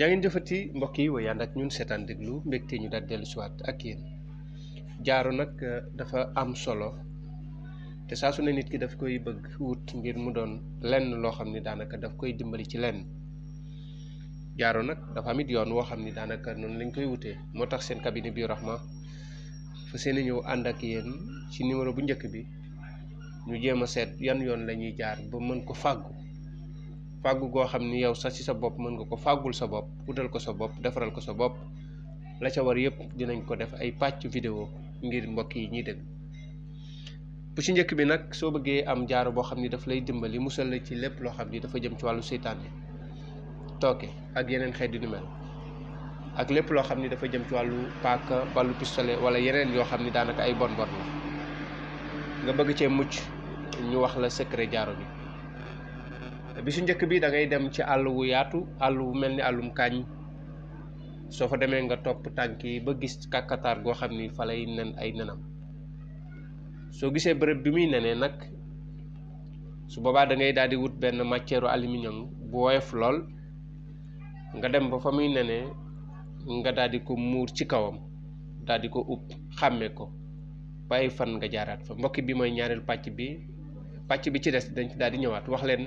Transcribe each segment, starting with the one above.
jaa jëfati mbokk yi way ànd ak ñun seetaan déglu mbégte ñu daal dellu siwaat ak yéen jaaro nag euh, dafa am solo te saa su nit ki daf koy bëgg wut ngir mu doon lenn loo xam ni daanaka daf koy dimbali ci lenn jaaro nag dafa amit yoon woo xam ni daanaka noonu lañ koy wutee moo tax seen cabinet bi rahma fa seen ñëw ànd ak yéen ci numéro bu njëkk bi ñu jéem a seet yan yoon lañuy jaar ba mën ko fàggu fàggu goo xam ni yow sa ci sa bopp mën nga ko fàggul sa bopp wutal ko sa bopp defaral ko sa bopp la ca war yëpp dinañ ko def ay pàcc vidéo ngir mbokk yi ñuy dégg bu ci njëkk bi nag soo bëggee am jaaro boo xam ni daf lay dimbali musal la ci lépp loo xam ni dafa jëm ci wàllu seytaan tooke ak yeneen xeet yu mel ak lépp loo xam ni dafa jëm ci wàllu paaka wàllu pistolet wala yeneen yoo xam ni daanaka ay bon bon la nga bëgg cee mucc ñu wax la secret jaaro bi bi su njëkk bi dangay dem ci àll wu yaatu àll wu mel ni àllum kaañ soo fa demee nga topp tànk yi ba gis kàkkataar goo xam ni fa lay nen ay nenam soo gisee bërëb bi muy nenee nag su boobaa da ngay daal di wut benn matière aluminium bu woyof lool nga dem ba fa muy nenee nga daldi ko muur ci kawam daldi ko upp xàmme ko bàyyi fan nga jaaraat fa mbokki bi mooy ñaareel pàcc bi pàcc bi ci des dañ ci daal di ñëwaat wax leen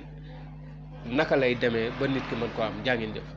naka lay demee ba nit ki mën koo am jaa ngeen jëf